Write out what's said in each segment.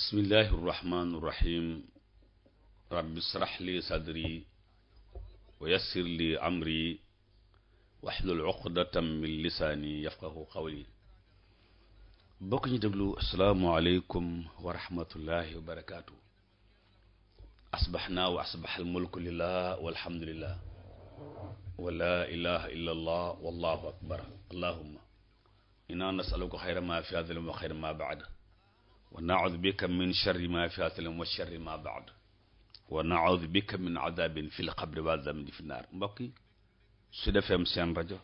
bismillahi irrahmani irrahim rabbi srah li sadri wa yassir li amri waxlul uqdatam min lisaani yafqahu qawli bokk ñu déglu asalaamualeykum wa rahmatullahi wa barakaatu asbaxnaa wa asbax almulku lillah walhamdulillah wa laa ilaha illa allah wallahu akbar allahuma inna nasaluka xayra ma fi hadal wa xayra ma baada wa naudu bika min sharri ma fi asalam wa sharri ma baad wa naudu bika min adabin fi lxabri wa adabin fi naar mbokk yi su defeem seen rajo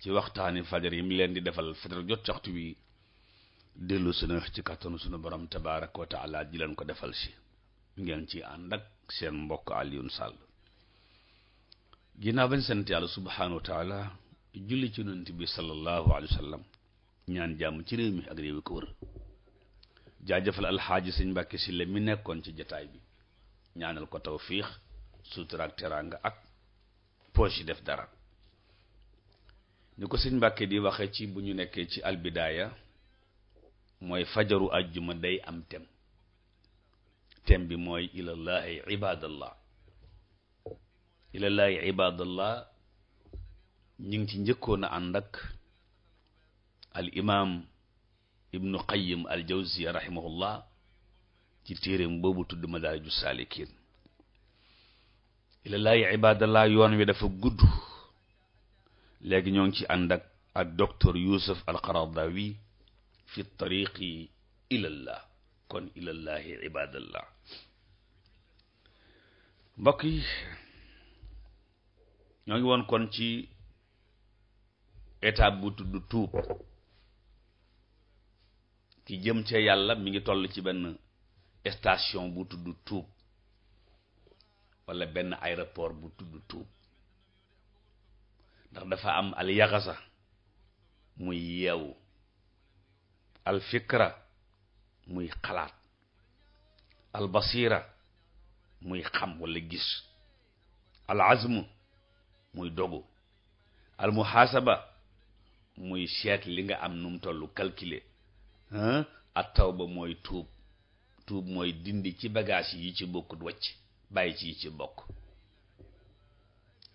ci waxtaani fajar yi mu leen di defal fajar jot waxtu wi dellu sunu ci kattanu sunu borom tabaaraka wa taala ji leen ko defal si ngeen ci ànd ak seen mbokk Alioune Sall ginnaaw bañ sant yàlla subhaanahu wa taala julli ci yonent bi sallallahu alayhi ñaan jàmm ci réew mi ak réew jaajëfal alxaaji sëñ Mbàkke Sylla mi nekkoon ci jataay bi ñaanal ko tawfiix sutura ak teraanga ak poche yi def dara ni ko sëñ Mbàkke di waxe ci bu ñu nekkee ci albidaaya mooy fajaru àjjuma day am tem tem bi mooy ilallahi ibadallah ilallahi ibadallah ñu ngi ci njëkkoon a ànd ak al imaam ibnu qayyim al jawziya rahimahullah ci téeréem boobu tudd madaariju saalikiin ila laay ibadallah yoon wi dafa gudd léegi ñoo ngi ci ànd ak ak docteur Youssouf al Qaradawi fi tariqi ilallah kon ilallahi ibadallah mbokk yi ngi woon kon ci étape bu tudd tuub ki jëm ca yàlla mi ngi toll ci benn station bu tudd tuub walla benn aéroport bu tudd tuub ndax dafa am al yaxasa muy yeewu al fikra muy xalaat al basira muy xam wala gis al azmu muy dogu al muhaasaba muy seet li nga am num tollu calculer at taw ba mooy tuub tuub mooy dindi ci bagage yi ci bokkut wacc bàyyi ci yi ci bokk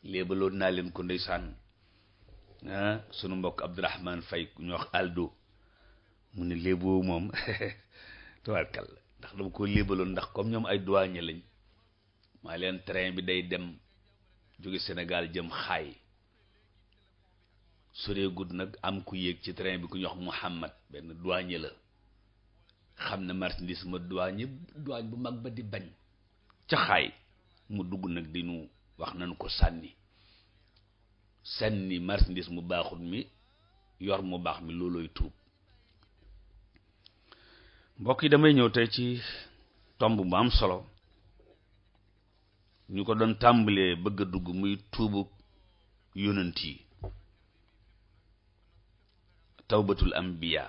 léebaloon naa leen ko ndeysaan sunu mbokk Abdourahman Fay ku ñu wax Aldo mu ne léeboo moom tubaarkal ndax dama ko léebaloon ndax comme ñoom ay douanier lañ maa leen train bi day dem jóge Sénégal jëm xaay soreegut nag am ku yéeg ci train bi ku ñuy wax Muhammad benn douanier la xam na marchandise ma douanier douane bu mag ba di bañ ca xaay mu dugg nag di nu wax nañ ko sànni sànni marchandise mu baaxut mi yor mu baax mi loolooy tuub mbokk yi damay ñëw tey ci tomb bu am solo ñu ko doon tàmbalee bëgg a dugg muy tuubu yonent yi tawbatul anbiya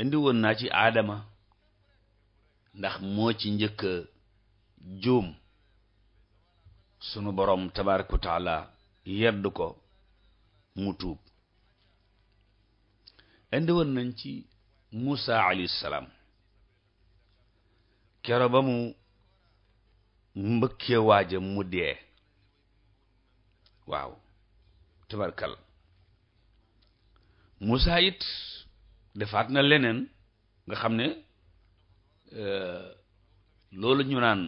indi woon naa ci aadama ndax moo ci njëkk a juum sunu boroom tabaaraka wa yedd ko mu tuub indi nañ ci Muusa alayhi salaam kero ba mu mbëkkee waaja mu dee waaw tabarkal Moussa it defaat na leneen nga xam ne euh, loolu ñu naan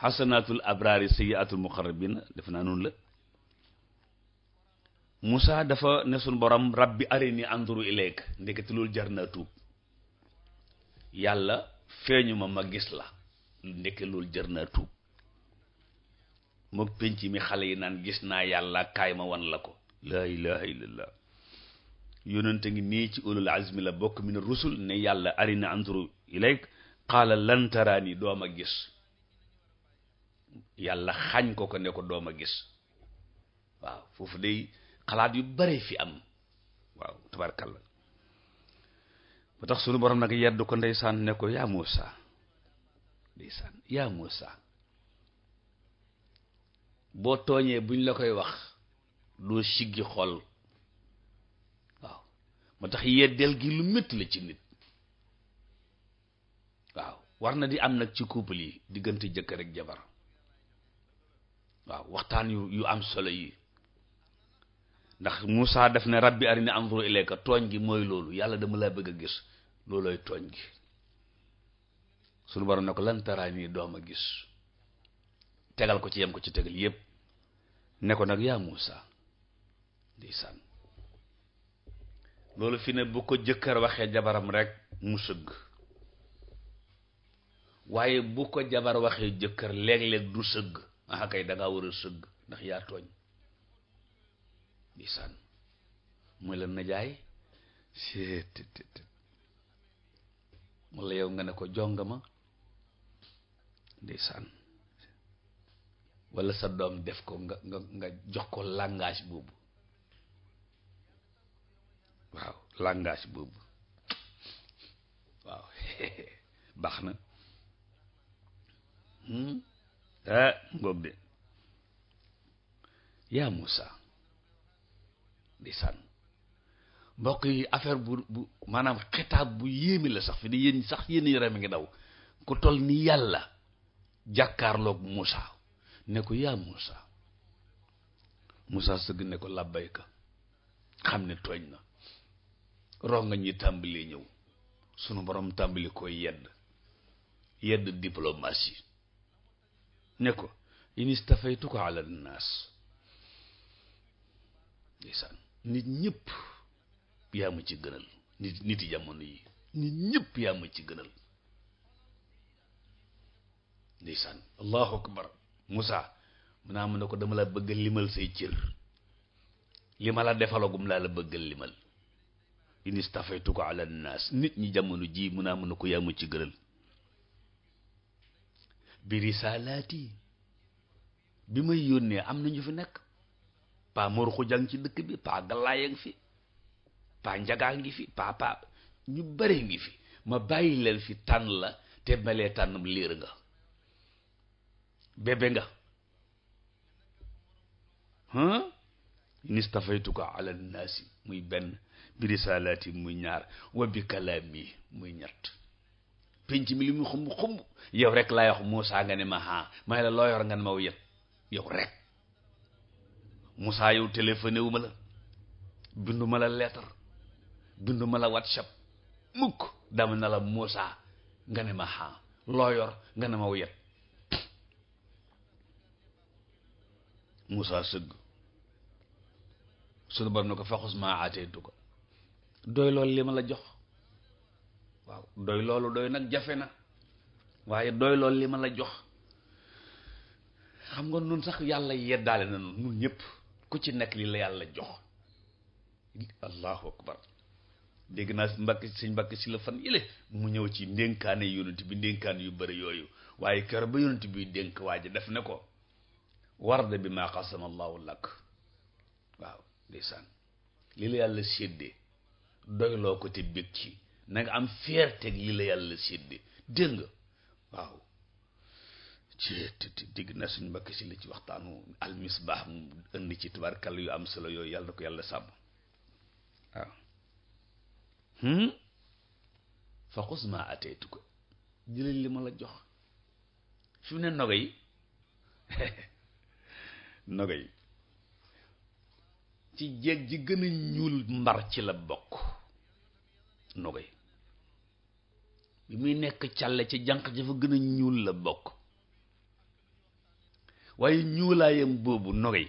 xasanaatul abraari sayyiatul muqarrabin def naa noonu la Moussa dafa ne suñ borom rabbi arini anduru ilayk ndekete loolu jar naa tuub yàlla feeñu ma ma gis la ndeke loolu jar naa tuub mook penc mi xale yi naan gis naa yàlla kaay ma wan la ko laa ilaha illallah yonente ngi nii ci ulul azmi la bokk min rusul ne yàlla arina anzuru ilayk qaala lan doom a gis yàlla xañ ko ko ne ko doom a gis waaw foofu day xalaat yu bare fi am waaw tabarkalla ba tax sunu borom nag yedd ko ndeysaan ne ko yaa Muusa ndeysaan yaa Muusa boo tooñee buñ la koy wax doo siggi xool moo tax del gi lu métti la ci nit waaw war na di am nag ci couple yi diggante jëkkër ak jabar waaw waxtaan yu am solo yi ndax Moussa def ne rabbi arini ni ilayka tooñ gi mooy loolu yàlla dama laa bëgg a gis loolooy tooñ gi suñu borom ne ko lan taraa nii doom a gis tegal ko ci yem ko ci tegal yépp ne ko nag yaa Moussa ndeysaan loolu fi ne bu ko jëkkër waxee jabaram rekk mu sëgg waaye bu ko jabar waxee jëkkër léeg-léeg du sëgg ah kay da war a sëgg ndax yaa tooñ di sànn mooy la najaay seet yow nga ne ko jonga ma di sànn wala sa doom def ko nga nga nga jox ko langage boobu waaw langage boobu waaw baax na ah hmm? eh, bi de yaa Moussa di sànn mbokk affaire bu bu maanaam xitaab bu yéemi la sax fi di yéen sax yéen yaram ngi daw ku toll ni yàlla jàkkaarloog Moussa ne ko yaa musa Moussa sëgg ne ko làbbayka xam ne tooñ na ronga ñi tàmbalee ñëw sunu borom tàmbali koy yedd yedd diplomatie ne ko in istafaytuka ala nnaas ndeysaan nit ñëpp yaa ma ci gënal nit niti jamono yi nit ñëpp yaa ma ci gënal ndeysaan allahu akbar Moussa mu naa ah, mu ne ko dama la bëgga limal say cër li ma la defalagum laa la bëgga limal in istafaytuka ala nnaas nit ñi jamono jii mun naa mën a ko yaamu ci gëral bi risaalaat yi bi may yónnee am na ñu fi nekk paa Mor ci dëkk bi paa Galaaya fi paa Njagaa ngi fi paa paa ñu bare ngi fi ma bàyyi leen fi tànn la te melee tànnam liir nga bébé nga huh nistafaytuka ala nnaasi muy benn bi risalaati muy ñaar wa bi kalaami muy ñett penc mi li muy xumb xumb yow rek laa wax Moussa nga ne ma ah may la loo yor nga ne ma yet yow rek Moussa yow téléphoné wu ma la bindu ma la lettre bindu ma la whatsapp mukk dama na la Moussa nga ne ma ah loo yor nga ne ma yet Moussa sëgg sunu borom ne ko faxus maa aateetu ko. doy loolu li ma la jox waaw doy loolu doy nag jafe na waaye doy loolu li ma la jox xam nga nun sax yàlla yeddaale na nun ñëpp ku ci nekk li la yàlla jox allahu akbar dégg naa si mbakki si la fan yële mu ñëw ci ndénkaane yonent bi ndénkaan yu bari yooyu waaye kër ba yonent bi dénk waa ji def ne ko warda bi maa qasama allahu lak waaw ndeysaan li la yàlla séddee doyloo ko te bég ci na nga am fierté yi la yàlla sédde dégg nga waaw ci digg na suñ mbakki si li ci waxtaanu almisbaax mu indi ci tubaarkàlla yu am solo yooyu yàlla na ko yàlla sàmm waaw hmm? ma ateetu ko jëlal li ma la jox fi ne nogo yi nogo yi ci jeeg ji gën a ñuul mbar ci la bokk nogoy bi muy nekk càll ci jànq ja fa gën a ñuul la bokk waaye ñuulaayam boobu nogoy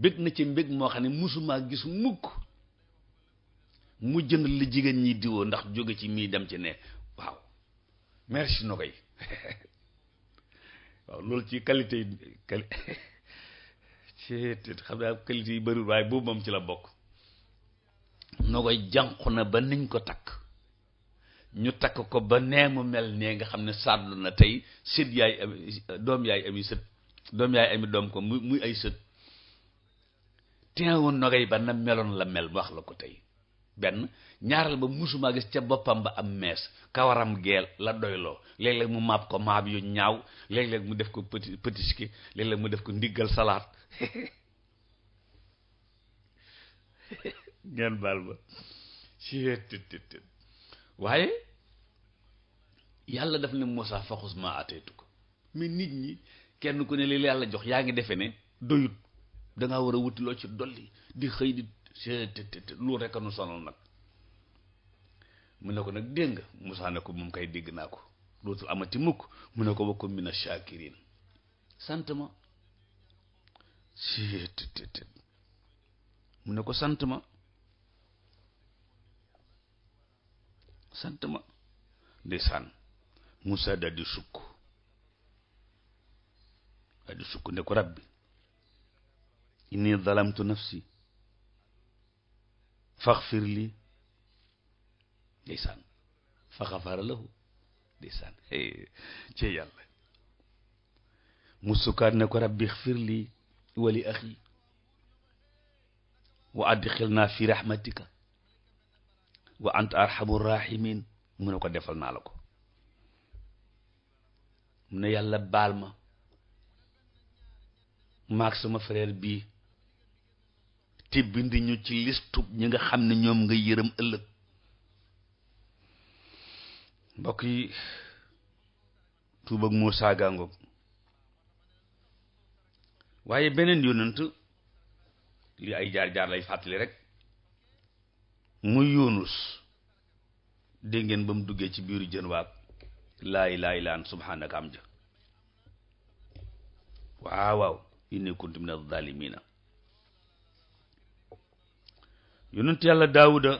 bég na ci mbég moo xam ne musumaa gis mukk mu jënd li jigéen ñi diwoo ndax jóge ci mii dem ci ne waaw merci nogoy waaw loolu ci qualité yu qualité ci xam naa qualité yi bëriwul waaye boobu moom ci la bokk nogoy jànqu na ba niñ ko takk ñu takk ko ba nee mu mel nee nga xam ne sàddu na tey sët yaay ami doom yaay ami sët doom yaay ami doom ko mu muy ay sët teewu nogay ba na meloon la mel wax la ko tey benn ñaaral ba musuma gis ca boppam ba am mees kawaram geel la doyloo léeg-léeg mu maab ko maab yu ñaaw léeg-léeg mu def ko petit petit ski léeg-léeg mu def ko ndiggal salaat ngeen baal ba si tit tit waaye yàlla daf ne Moussa faxus ma ateetu ko mais nit ñi kenn ku ne li yàlla jox yaa ngi defe ne doyut dangaa war a wuti loo ci dolli di xëy di tit tit lu rekk nu sonal nag mu ne ko nag dégg nga ne ko moom kay dégg naa ko dootul amati mukk mu ne ko wa kun mina shakirin sant ma si tit tit mu ne ko sant ma sant ma ndeysaan Moussa daal di sukk daal di sukk ne ko rabbi inni zalamtu nafsi faxfir li ndeysaan faxafara lahu ndeysaan eh, ci yàlla mu sukkaat ne ko rabbi xfir li wali axi wa adxilna fi rahmatika wa anta arhamur rahimin mu ne ko defal naa la ko mu ne yàlla baal ma maag sama frère bii te bindi ñu ci listub ñi nga xam ne ñoom nga yërëm ëllëg mbokk yi tuubag Muusaa gàngoog waaye beneen yonent li ay jaar-jaar lay fàttali rek mu yunus dégg ngeen ba mu duggee ci biiru jën waag laay laay laan anta subhaanaka am ja waaw waaw inni kuntu mina zaalimiina yonent yàlla daawuda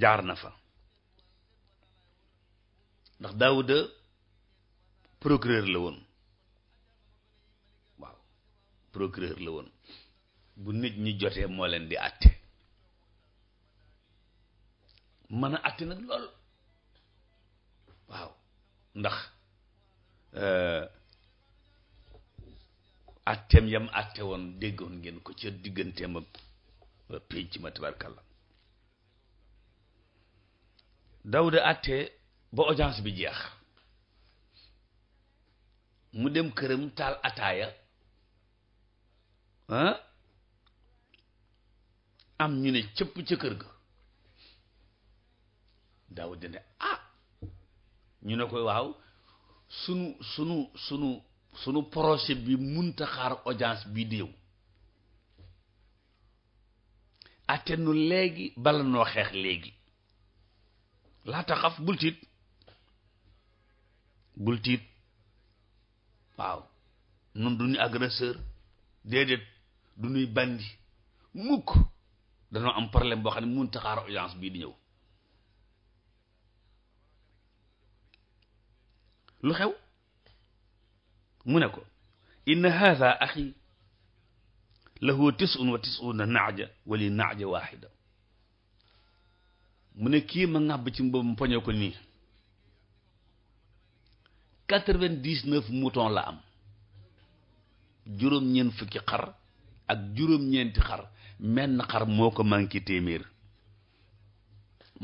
jaar na fa ndax daawuda procureur la woon waaw procureur la woon bu nit ñi jotee moo leen di àtte mën a àtte nag lool waaw ndax euh, àtteem yam àtte woon déggoon ngeen ko ca digganteem ak euh, pénc ma tabarkalla Dawuda àtte ba audience bi jeex mu dem këram taal ataaya am ñu ne cëpp ca ga daawud ne ah ñu ne koy waaw sunu sunu sunu sunu projet bi munta xaar audience bii déew atte nu léegi bala noo xeex léegi laa taxaf bul bultiit bul waaw nun du ñu agresseur déedéet du nuy bandi mukk danoo am problème boo xam ne mun taxaar audience bii di ñëw lu xew mu ne ko inna haadha axi lahu tisun wa tisuna naaja wali naaja waaxida mu ne kii ma ci mboobu mu poñe ko nii quatre la am juróom-ñeent fukki xar ak juróom-ñeenti xar menn xar moo ko manqué téeméer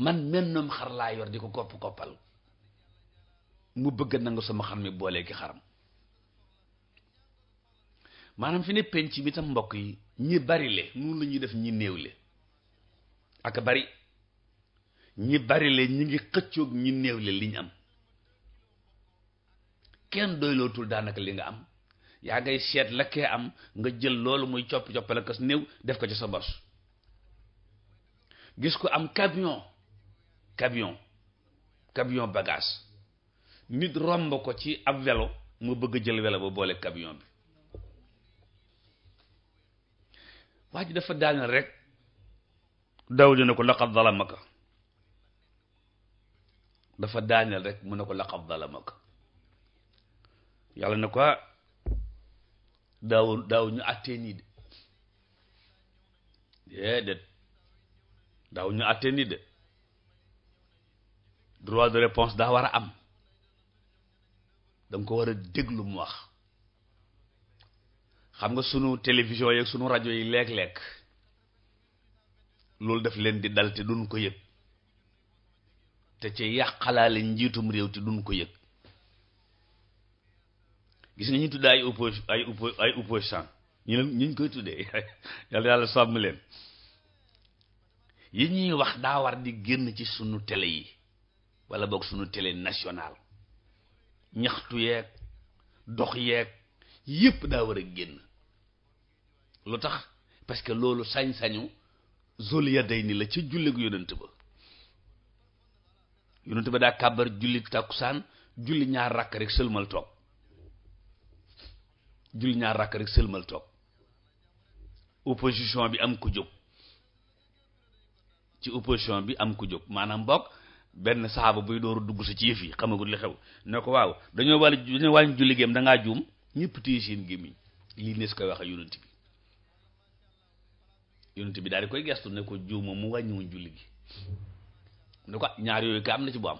man mennoom xar laa yor di ko kopp koppal mu bëgg nangu sama xam mi boolee ki xaram maanaam fi ne penc mi tam mbokk yi ñi bari le noonu la def ñi néew le ak bari ñi bari le ñi ngi xëccoog ñi néew le liñ am kenn doylootul daanaka li nga am yaa ngay seet la am nga jël loolu muy coppi coppale kas néew def ko ci sa bos gis ko am camion camion camion bagaas nit romb ko ci ab welo mu bëgg jël welo ba boole camion bi waa ji dafa daaneel rek daw di ne ko laqad zalamaka dafa daaneel rek mu ne ko laqad zalamaka yàlla na ko ah, daaw daaw ñu àttee nii de déedéet daaw de droit de réponse daa war a am danga ko war a déglu mu wax xam nga sunu télévision yeeg sunu rajo yi léeg-léeg loolu def leen di dal te duñ ko yëg te ci yàqalaale njiitum réew te duñ ko yëg gis nga ñu tudd ay oppo ay oppo ay opposant ñu leen ñu koy tuddee yàlla yàlla sàmm leen yi ñuy wax daa war di génn ci sunu télé yi walla boog sunu télé national ñaxtu yeeg dox yeeg yépp daa war a génn lu tax parce que loolu sañ-sañu zul ya day ni la ca julli gu yonent ba yonent ba daa kàbbar julli takkusaan julli ñaar rakk rek sëlmal toog julli ñaar rakk rek sëlmal toog opposition bi am ku jóg ci opposition bi am ku jóg maanaam bokk benn saaba buy dooru dugg sa ci yëf yi xamagul li xew ne ko waaw dañoo wàll dañoo wàññi julli géem da ngaa juum ñëpp téye seen gémmiñ lii nees koy a yonent bi yonent bi daal koy gestu ne ko mu wàññiwoon julli gi ko ñaar yooyu am na ci bu am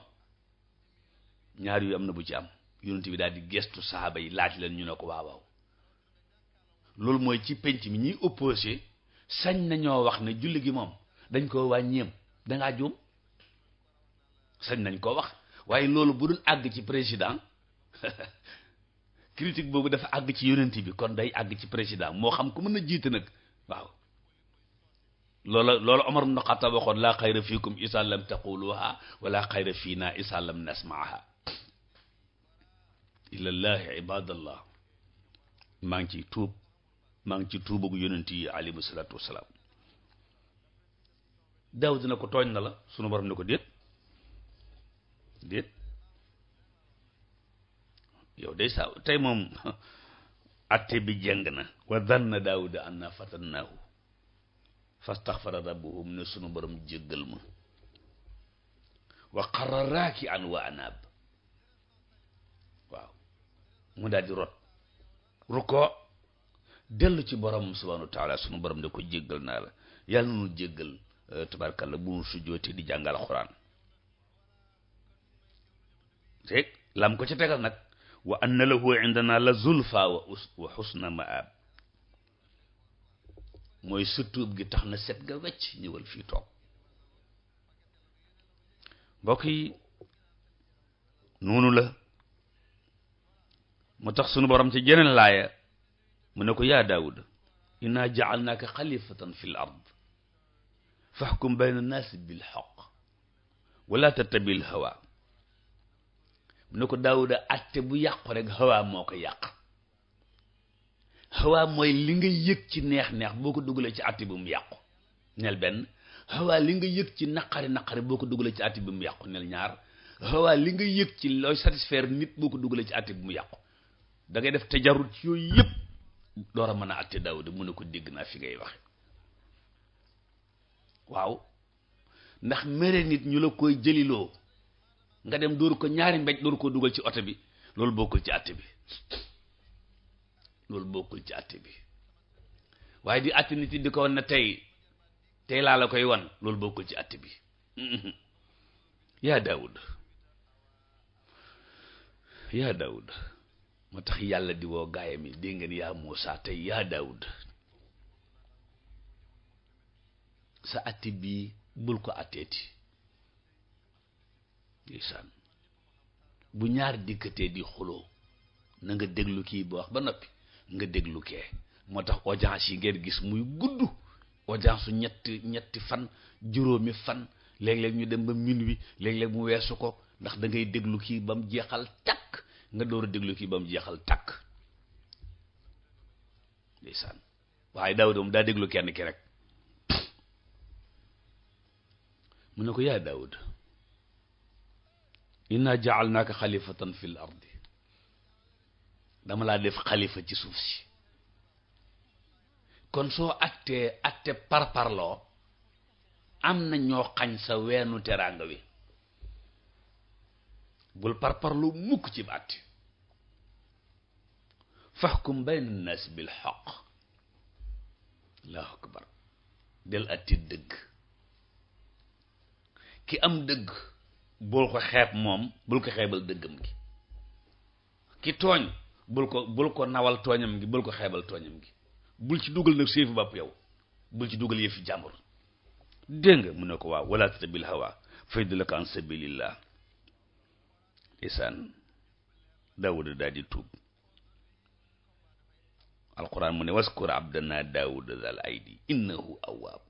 ñaar yooyu am na bu ci am yonent bi daal di gestu saxaaba yi laaj leen ñu ne ko waaw loolu mooy ci penc mi ñuy opposé sañ nañoo wax ne julli gi moom dañ koo wàññeem da ngaa juum sañ nañ koo wax waaye loolu bu dul àgg ci président critique boobu dafa àgg ci yonent bi kon day àgg ci président moo xam ku mën na jiit nag waaw loola loola Omar ibn Khattab waxoon laa xayra fiikum isaa lam taquluha wala xayra fiina isaa lam nasmaaha ilallahi ibadallah maa ngi ciy tuub maa ngi ci tuubagu yonent yi alayhimu salaatu na ko tooñ na la sunu borom ne ko déet déet yow day saa tey moom atte bi jàng na wa danna daawuda anna fatannaahu fastaxfara rabbuhu mu ne sunu borom jéggal ma wa xarra raaki waaw mu daal rot ruko dellu ci borom subhaanahu wa sunu borom de ko jéggal naa la yàlla nu jéggal eh, tabarkalla bu su sujjootee di jàngal xuraan te lam ko ca tegal nag wa anna la zulfa wa us wa xusna maab mooy sutuub gi tax na set ga wecc ñëwal fii toog mbokk yi noonu la mu tax sunu borom ci jeneen laaya mu ne ko yaa daawud inna ja'alnaaka xalifatan fi l ard fahkum bayna annaasi bil haqq wala tattabil hawa mu ne ko daawuda atte bu yàqu rek hawa moo ko yàq hawa mooy li nga yëg ci neex-neex boo ko dugalee ci atte bi mu yàqu nel benn hawa li nga yëg ci naqari naqari boo ko dugalee ci atte bi mu yàqu nel ñaar hawa li nga yëg ci looy satisfaire nit boo ko dugalee ci atte bi mu yàqu dangay def tajarut ci yooyu yëpp door a mën a atte daawuda mu ne ko dégg naa fi ngay waxe waaw ndax mere nit ñu la koy jëliloo nga dem dóoru ko ñaari mbéj dóoru ko dugal ci oto bi loolu bokkul ci àtte bi loolu bokkul ci àtte bi waaye di àtte nit yi di ko wan na tey tey laa la koy wan loolu bokkul ci àtte bi yaa Daawud yaa Daawud moo tax yàlla di woo gaayam yi dégg ngeen yaa Muusaa tey yaa Daawud sa àtte bii bul ko àtteeti ndeysaan bu ñaar dikkatee di xuloo na nga déglu kii ba wax ba noppi nga déglu kee moo tax audience yi ngeen gis muy gudd audience ñetti fan juróomi fan léeg-léeg ñu dem ba minuit léeg-léeg mu weesu ko ndax dangay ngay déglu kii ba mu jeexal takk nga door a déglu kii ba mu jeexal takk ndeysaan waaye Daawuda moom daa déglu kenn ki rek mu ne ko yaa Daawuda inna ja'alnaaka xalifatan fil ardi dama laa def xalifa ci suuf si kon soo attee atte parparloo am na ñoo xañ sa weenu teraanga wi bul parparloo mukk ci àtte faxkum bayna naas bil allahu akbar del atti dëgg ki am dëgg bul ko xeeb moom bul ko xeebal dëggam gi ki tooñ bul ko bul ko nawal tooñam gi bul ko xeebal tooñam gi bul ci dugal nag séefi bàpp yow bul ci dugal yëfi jàmbur dégg mu ne ko waaw wala tabil la faydalaka an sabilillah isaan daawuda daal di tuub alquran mu ne waskur abdana daawuda zal aydi innahu awwaab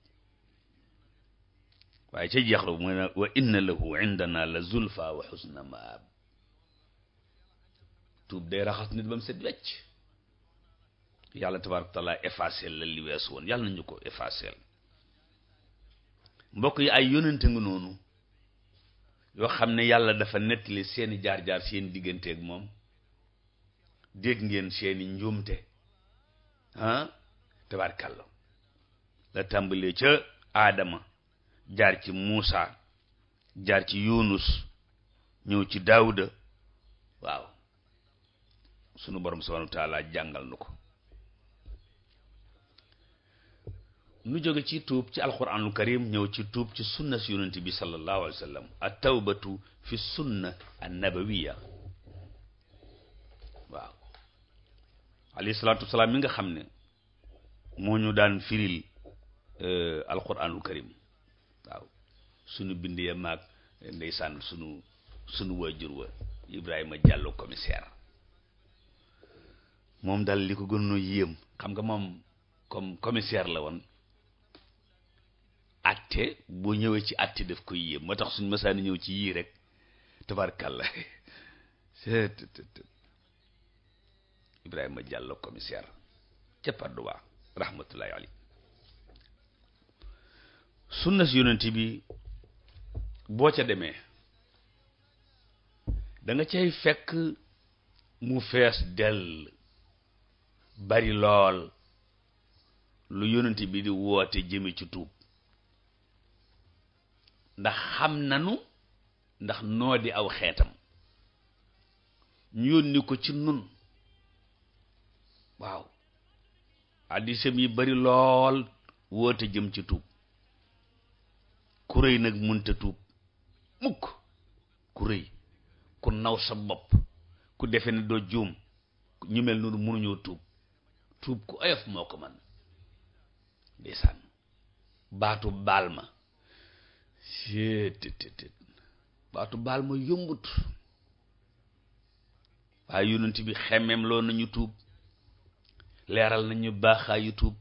waaye ca jeex la mooy nag wa inna lahu indana la zulfa wa xusna maab tuub day raxas nit ba mu set wecc yàlla tabaaraka wa taala effacé la li wees woon yàlla nañu ko effacé mbokk yi ay yónnante nga noonu yoo xam ne yàlla dafa nettali seeni jaar-jaar seen diggante ak moom dégg ngeen seeni njuumte ah tabaarkalla la tàmbalee ca aadama jaar ci Muusa jaar ci Yunus ñëw ci Daawuda waaw sunu borom subhanahu wa taala jàngal nu ko nu jóge ci tuub ci alquranul karim ñëw ci tuub ci sunna si yonent bi sallallahu alayhi wa sallam fi sunna an nabawiya waaw alayhi salaatu wasalaam mi nga xam ne moo ñu daan firil euh, alquranul karim sunu bind ya maag ndeysaan suñu sunu waajur wa Ibrahima jàlloo commissaire moom daal li ko gënoon yéem xam nga moom comme commissaire la woon atte boo ñëwee ci atte daf koy yéem moo tax suñ masaani ñëw ci yii rek tabarkàlla Ibrahima jàlloo commissaire ca Padoa rahmatullahi alayhi sunna si yonent bi boo ca demee danga nga cay fekk mu fees dell bari lool lu yonent bi di woote jëme ci tuub ndax xam nanu ndax noo di aw xeetam ñu yónni ko ci nun waaw addisam yi bari lool woote jëm ci tuub ku rëy nag munta tuub mukk ku rëy ku naw sa bopp ku defe ne doo juum ñu mel noonu mënuñoo tuub tuub ku oyof moo ko man ndeysaan baatu baal ma séetéetéet baatu baal ma yombut waaye yonent bi xemmeem loo nañu tuub leeral nañu baaxaa yu tuub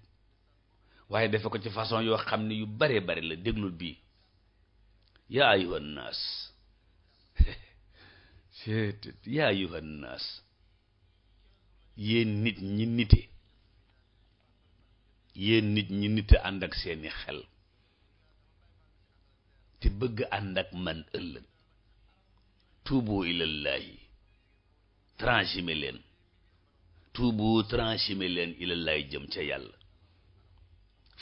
waaye defe ko ci façon yoo xam ne yu bare bare la déglul bii yaa ayyuhan naas yaa ayyuhan yéen nit ñi nite yéen nit ñi nite ànd ak seeni xel te bëgg ànd ak man ëllëg tuubu ilallahi tranchime leen tuubu tranchime leen ilallahi jëm ca yàlla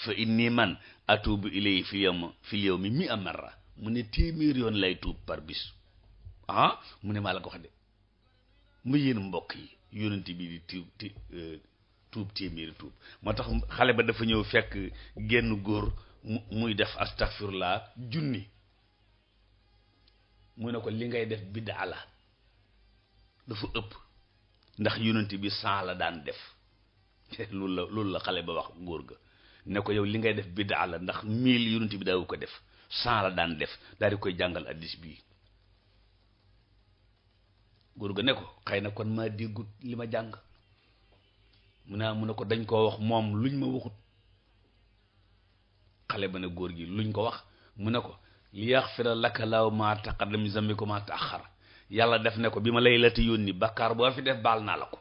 fa inni man atuubu ilayhi fil yawmi fil yawmi mi amarra mu ne téeméer yoon lay tuub par bis ah mu ne maa la ko wax de mu yéen mbokk yi yonent bi di tuub ti euh, tuub moo tax xale ba dafa ñëw fekk genn góor muy def astaghfirullah junni mu ne ko li ngay def biddaa la dafa ëpp ndax yonent bi cent la daan def loolu la loolu la xale ba wax góor ga ne ko yow li ngay def biddaa la ndax mille yonent bi daa ko def cent la daan def daal di koy jàngal addis bii góor ga ne ko xëy na kon maa déggut li ma jàng mu ne mu ne ko dañ koo wax moom luñ ma waxut xale ba ne góor gi luñ ko wax mu ne ko li yaxfira laka laaw maa taqaddama min zambika maa ta'axxar yàlla def ne ko bi ma lay lati yónni bàkkaar boo fi def baal naa la ko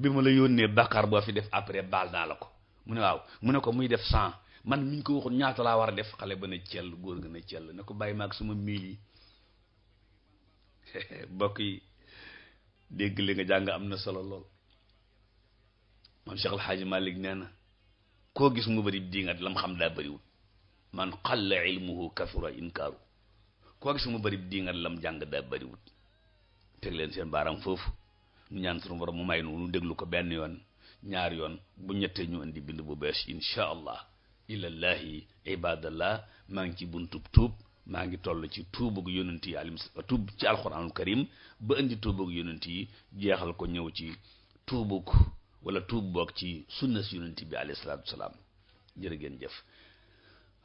bi ma la yónnee bàkkaar boo fi def après baal naa la ko mu ne waaw mu ne ko muy def cent man mi ñu ko waxoon ñaata laa war a def xale ba na cell góor ga na cell ne ko bàyyi maag suma miil yi mbokk yi dégg li nga jàng am na solo lool moom Cheikh El Hadj Malick nee koo gis mu bëri diingat lam xam daa bëriwul man qalla ilmuhu kathura inkaaru koo mu lam jàng daa bëriwul teg leen seen baaraam foofu ñu ñaan sunu borom mu may nu nu déglu ko benn yoon ñaar yoon bu ñettee ñu indi bind bu bees incha ilallahi ibadallah maa ngi ci buntub tuub maa ngi toll ci tuubug yonent yi alim tuub ci alquranul karim ba indi tuubug yonent yi jeexal ko ñëw ci tuubug wala tuub boog ci sunna si yonent bi alayhi salaatu salaam jërë ngeen jëf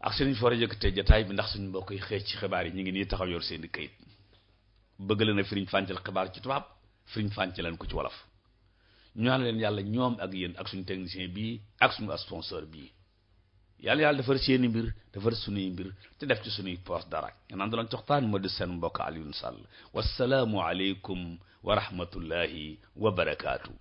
ak seen fi war a jataay bi ndax suñu mbokk yi xëy ci xibaar yi ñu ngi nii taxaw yor seen i kayit bëgg la na firiñ fàncal xibaar ci tubaab firiñ fàncaleen ko ci wolof ñaan leen yàlla ñoom ak yéen ak suñu technicien bii ak suñu sponsor bii yàlla yàlla defar seeni mbir defar sunuy mbir te def ci sunuy poos dara naan doon coxtaan moo di seen mbokk Alioune Sall wasalaamu aleykum wa rahmatullahi wa barakaatu.